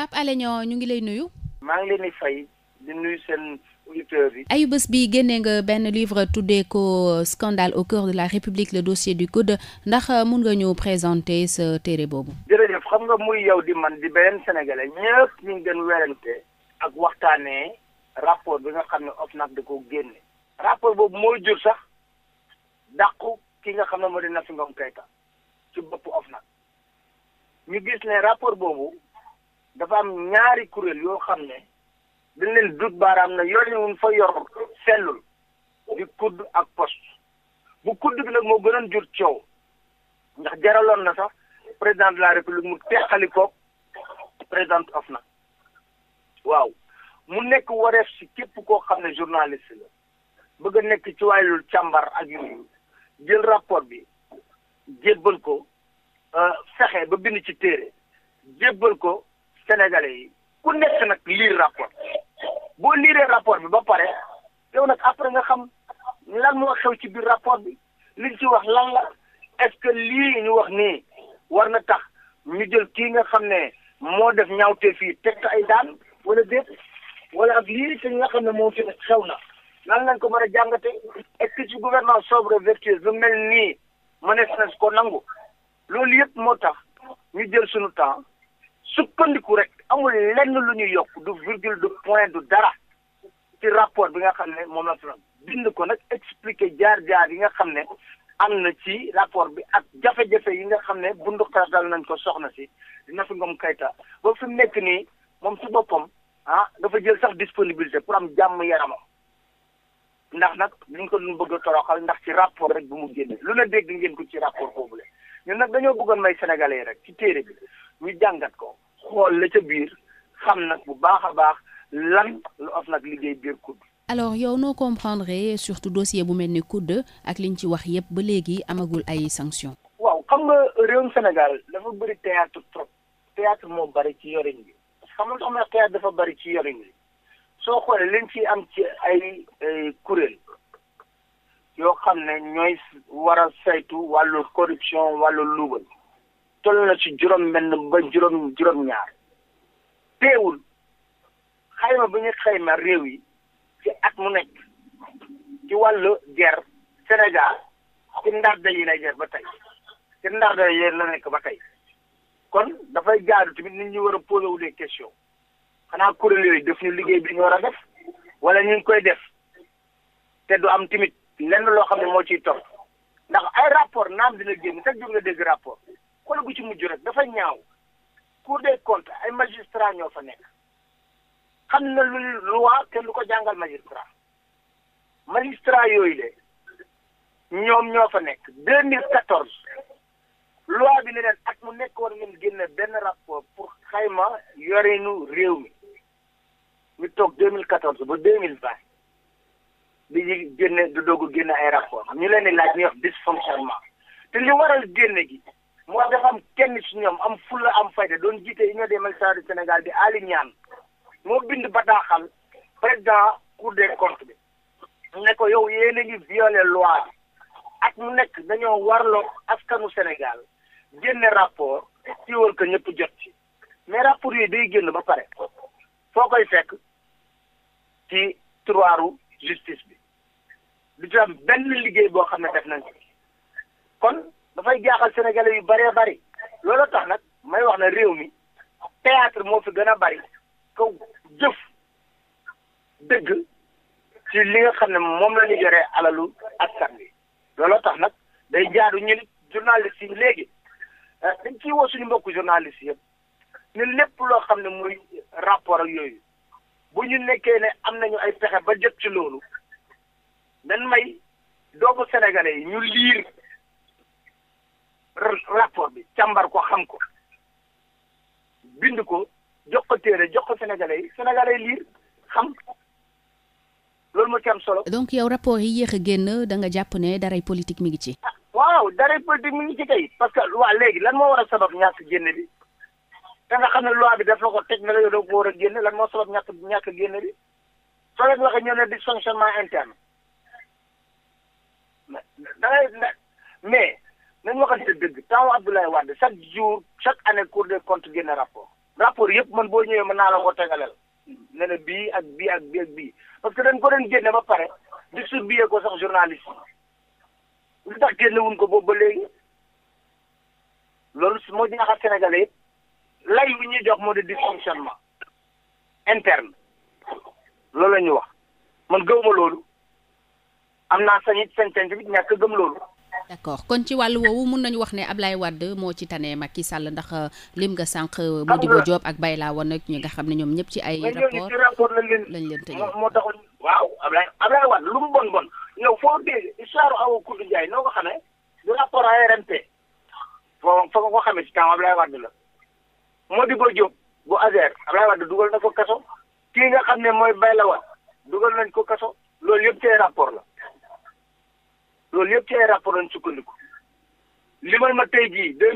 Pape Alé Niang ñu ngi lay nuyu. maa ngi leen di fay di nuyu seen auditeurs yi. ayu bés bi génnee nga benn livre tuddee ko scandale au cœur de la République le dossier du code ndax euh, mun nga ñëw présenter sa téere boobu. jërëjëf xam nga muy yow di man di beneen sénégalais ñëpp ñu gën werante ak waxtaanee rapport bi nga xam ne OFNAC da ko génne. rapport boobu mooy jur sax dàqu ki nga xam ne moo di Nafi Ngom Keïta ci bopp OFNAC ñu gis ne rapport boobu. dafa am ñaari kuréel yoo xam ne dañ leen dut baaraam na yor wuñ fa yor sellul di kudd ak poste bu kudd bi nag moo gënoon jur coow ndax jaraloon na sax président la république mu teqali koog président of na waaw mu nekk wareef si képp koo xam ne journaliste la bëgg a nekk ci wàllu càmbar ak yooyu jël rapport bi jébbal ko euh, fexe ba bind ci téere jébbal ko sénégalais yi ku nekk nag lire rapport boo liiree rapport bi ba pare yow nag après nga xam lan moo xew ci biir rapport bi liñ ci wax lan la est que lii ñu wax nii war na tax ñu jël kii nga xam ne moo def ñaawte fii teg ay daan wala déet wala ak lii te nga xam ne moom fi xew na lan lañ ko mën a jàngate est ci gouvernement sobre vertueux bu mel nii mënees na ko nangu loolu yëpp moo tax ñu jël sunu temps sukkandiku rek amul lenn lu ñu yokk du virgule du point du dara ci rapport bi nga xam ne moom la turam bind ko nag expliquer jaar-jaar yi nga xam ne am na ci rapport bi ak jafe-jafe yi nga xam ne bundu xatal nañ ko soxna si dina fi ngom kayta ba fi mu nekk nii moom si boppam ah dafa jël sax disponibilité pour am jàmm yaramam ndax nag liñ ko doon bëgg a toroxal ndax ci rapport rek bu mu génne lu la dégg ngeen ko ci rapport boobule ñun nag dañoo bëggoon may sénégalais rek ci téere bi ñu jàngat ko xool la ca biir xam nag bu baax a baax lan lu of nag liggéey biir COUD. alors yow noo comprendre surtout dossier bu mel ni COUD ak liñ ci wax yépp ba léegi amagul ay sanctions. waaw xam nga réewum Sénégal dafa bëri théâtre trop théâtre moo bari ci yorin bi xam nga xam nga théâtre dafa bari ci yorin bi soo xoolee liñ ci am ci ay kuréel yoo xam ne ñooy war saytu wàllu corruption wàllu luubal. toll na ci juróom mbenn ba juróom juróom ñaar teewul xayma bi ñu xayma réew yi ci at mu nekk ci wàll guerre Sénégal ci ndarda yi lay guerre ba tey ci ndarda yi la nekk ba tey kon dafay jaadu tamit nit ñu war a posé wu des questions xanaa kuréel yooyu def ñu liggéey bi ñu war a def wala ñu ngi koy def te du am timit lenn loo xam ne moo ciy topp ndax ay rapport naam dina génn chaque te nga dégg rapport xool gu ci mujj rek dafa ñaaw Cour des comptes ay magistrats ñoo fa nekk xam na lu loi te lu ko jàngal magistrat magistra yooyu le ñoom ñoo fa nekk 2014 loi bi ni leen at mu nekk war ngeen génn benn rapport pour xayma yorinu réew mi ñu toog 2014 ba 2020 di génne di doog génne ay rapport ñu leen di laaj ñuy wax dysfonctionnement te li waral génne gi. moo dafa am kenn ci ñoom am fulla am fayda doon jiite Union des magistrats du Sénégal di Aly Niane moo bind bataaxal président cour des comptes bi ne ko yow yéen a ngi violé loi at mu nekk dañoo warloo askanu Sénégal génne rapport siiwal ko ñëpp jot ci mais rapport yooyu day génn ba pare foo koy fekk ci tiroiru justice bi du ci am benn liggéey boo xam ne def nañ ko kon dafay jaaxal sénégalais yu bëree bëri loolu tax nag may wax na réew mi théâtre moo fi gën a bëri kaw jëf dëgg ci li nga xam ne moom la ñu yoree alalu askan bi looloo tax nag day jaadu ñu journaliste yi léegi eh, dañ ciy woo suñu mbokku journaliste yëpp ne lépp loo xam ne mooy rapport ak yooyu bu ñu nekkee ne am nañu ay pexe ba jot ci loolu dañ may doomu sénégalais yi ñu liir rapport bi càmbar ko xam ko bind ko jox ko téere jox ko sénégalais yi sénégalais yi liir xam loolu moo ci am solo. donc yow rapport yi yéex a génn danga jàpp ne daray politique mi ngi ci. Ah, waaw daray politique mi ngi ci kay parce que waa léegi lan moo war a sabab ñàkk génn bi te nga xam ne loi bi daf la ko teg ne doo ko war a génn lan moo sabab ñàkk ñàkk génn bi soo leen a ñoo ne dysfonctionnement interne mais dangay mais. nañu waxante dëgg temps Abdoulaye Wade chaque jour chaque année cour des comptes génne rapport rapport yëpp man boo ñëwee mën naa la ko tegalal ne bii ak bii ak bii ak bii parce que dañ ko doon génne ba pare distribué ko sax journaliste yi lu tax génne wuñ ko boobu ba léegi loolu moo jaaxal Sénégalais yëpp lay wi ñuy jox moo di dysfonctionnement interne loolu la ñu wax man gëwuma loolu am naa sañit sañ-sañ tamit ñàkk gëm loolu d'accord kon ci wàllu woowu mun nañu wax ne Ablaye Wade moo ci tane ki Sall ndax euh, lim nga sànq euh, Modibo Diop ak bay laa Wane ak ñi nga xam ne ñoom ñëpp ci ay rapport lañ leen tëj moo taxoon waaw Ablaye Ablaye Wade lu mu bon bon yow foo dee histoire a Koundu Ndiaye noo ko xamee du rapport ARMP foo fa nga ko xamee ci temps Ablaye Wade la Modibo Diop bu Azer Ablaye Wade dugal na ko kaso kii nga xam ne mooy la Wane dugal nañ ko kaso loolu yëpp ci la loolu yëpp ci ay rapport lañ sukkandiku limal ma tey jii de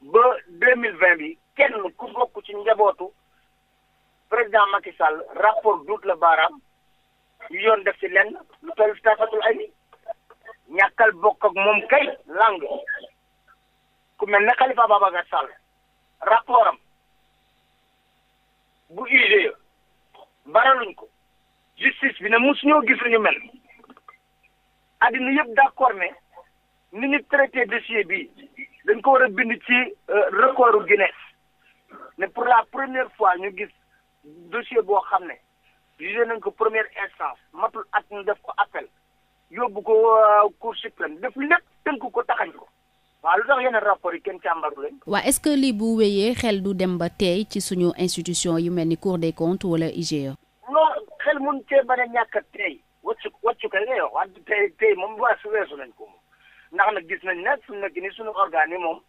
ba 2020 bi kenn ku bokk ci njabootu président Macky Sall rapport duut la baaraam yu yoon def ci lenn lu toll tafatul ay ni ñàkkal bokk ak moom kay lang ku mel ne Khalifa Babacar Sall rapport am bu UG e baraluñ ko justice bi na mosu ñoo gis lu ñu mel. àddina yëpp d'accord ne ni ñu traité dossier bi dañ ko war a bind ci euh, recordu Guinness ne pour la première fois ñu gis dossier boo xam ne jugé nañ ko première instance matul ak ñu def ko appel yóbbu ko euh, cour suprême def lépp tënk ko taxañ ko waaw lu tax yeneen rapport yi kenn càmbaru leen waa est-ce que lii bu wéyee xel du dem ba tey ci suñu institution yu mel ni cour de comptes wala IGE. non xel mun cee bañ a ñàkk tey waccu waccu kay la yor wante tey tey moom weesu weesu nañ ko moom ndax nag gis nañ nag suñu nekk nii suñu organes yi moom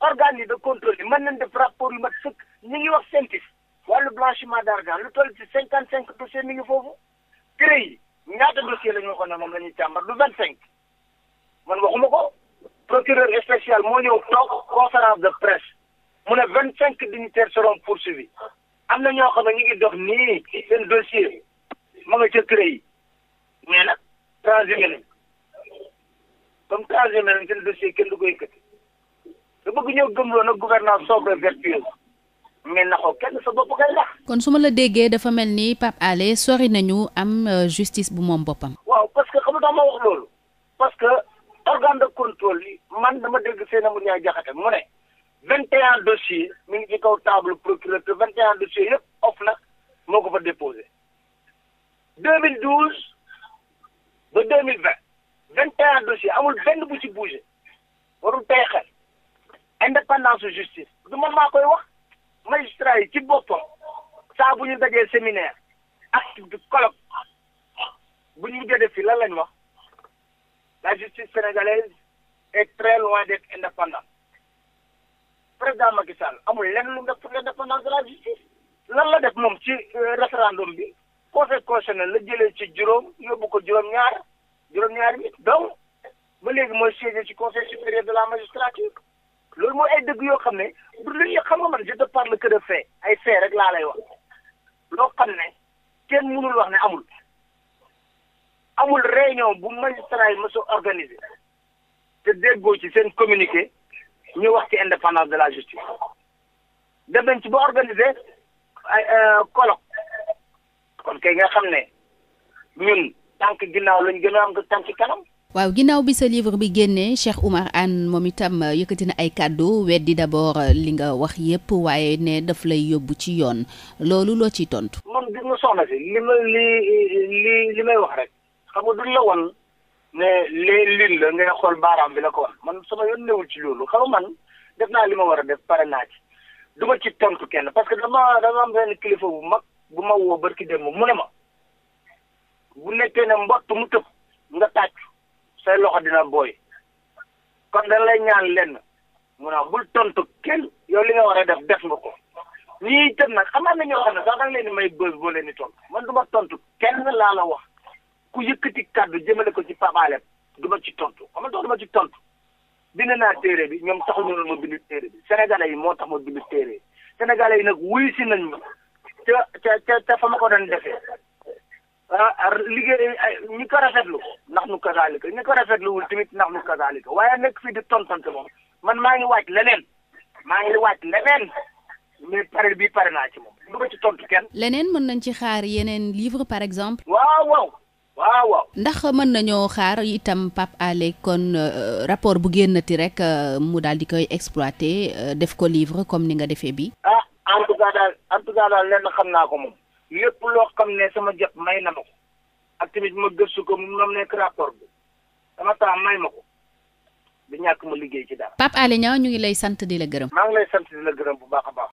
organes yi de contrôle yi mën nañ def rapport yu mat sëkk ñu ngi wax CENTIS wàllu blanchiment d'argent lu toll ci cinquante cinq dossiers mi ngi foofu CREI yi ñaata dossier la ñu waxoon ne moom la ñuy càmbar du vingt cinq man waxuma ko procureur spécial moo ñëw toog conférence de presse mu ne vingt cinq dignitaires seront poursuivis am na ñoo xam ne ñu ni dox nii seen dossier ma nga ca yi mais nag transhumé nañ comme transhumé nañ seen dossier kenn du ko yëkkati da bëgg ñëw gëmloo nag gouvernance sobre vertueuse mais naxoo kenn sa bopp kay ndax. kon su ma la déggee dafa mel ni Pape Alé sori nañu am euh, justice bu moom boppam. waaw parce que xam nga ma wax loolu parce que organe de contrôle yi man dama dégg Seynabou Ndiaye Diakhaté mu ne. vingt et un dossiers mi ngi ci kaw table procureur te vingt et un dossiers yëpp off nag moo ko fa déposé ba deux mille vingt vingt et un dossiers amul benn bu ci bougé warul tey xel indépendance justice du man maa koy wax magistrat yi ci boppam saa bu ñu dajee séminaire ak du colloque bu ñu mujjee def fii lan lañ wax la justice sénégalaise est très loin d'être indépendante président Macky Sall amul lenn lu mu def pour l'indépendance de la justice lan la def moom ci euh, référendum bi conseil constitutionnel la jëlee ci juróom yóbbu ko juróom-ñaar juróom-ñaar nit donc ba léegi mooy siégé ci conseil supérieur de la magistrature loolu mooy ay dëgg yoo xam ne du lu xam nga man je te parle que de fait ay fait rek laa lay wax loo xam ne kenn mënul wax ne amul amul réunion bu magistrat yi mësoo organisé te déggoo ci seen communiqué ñu wax ci indépendance de la justice dem nañ ci ba organisé ay euh, colloque kon kay nga xam ne ñun tànk ginnaaw lañ gën a am ko tànk kanam. waaw ginnaaw bi sa livre bi génnee Cheikh Oumar Anne moom itam euh, yëkkati na ay kàddu weddi d'abord euh, li nga wax yépp waaye ne daf lay yóbbu ci yoon loolu loo ciy tontu. man gis nga soxna si li ma li li li may wax rek xam nga duñ la won ne lee lin la ngay xool baaraam bi la ko wax man sama yoon newul ci loolu xam man def naa li ma war a def pare naa ci du ma ci tontu kenn parce que dama dama bu ma woo ki dem mu ne ma bu nekkee ne mbott mu tëb nga tàcc say loxo dina booy kon da lay ñaan lenn mu ne bul tontu kenn yow li nga war a def def nga ko ñii itam nag amaan na ñoo xam ne sax da leen di may bës boo leen di tontu man du tontu kenn laa la wax ku yëkk yëkkati kàddu jëmale ko ci papaaleem du ma ci tontu xam nga tax du ma ci tontu bind naa téere bi ñoom taxuñu ma bind téere bi sénégalais yi moo tax ma bind téere sénégalais yi nag wuyu si nañ ma ca ca ca fa ma ko doon defee ah liggéey ay ñi ko rafetlu ndax nu kazaalika ñi ko rafetluwul tamit ndax nu kazaalika waaye nekk fii di tontante moom man maa ngi waaj leneen maa ngi waaj leneen mais pare bii pare naa ci moom du ma ci tontu kenn. leneen mën nañ ci xaar yeneen livre par exemple. waaw waaw. waaw waaw ndax mën nañoo xaar itam Pape Alé kon euh, rapport bu génnati rek euh, mu daal di koy exploité euh, def ko livre comme ni nga defee bi ant tout cas daal en tout daal lenn xam naa ko moom lépp loo xam ne sama jot may na ma ko ak tamit ma gëstu ko moom ñoom nekk rapport bi sama temps may ma ko du ñàkk ma liggéey ci daal. Pape Alé Niang ñu ngi lay sant di la gërëm. maa ngi lay sant di la gërëm bu baax a baax.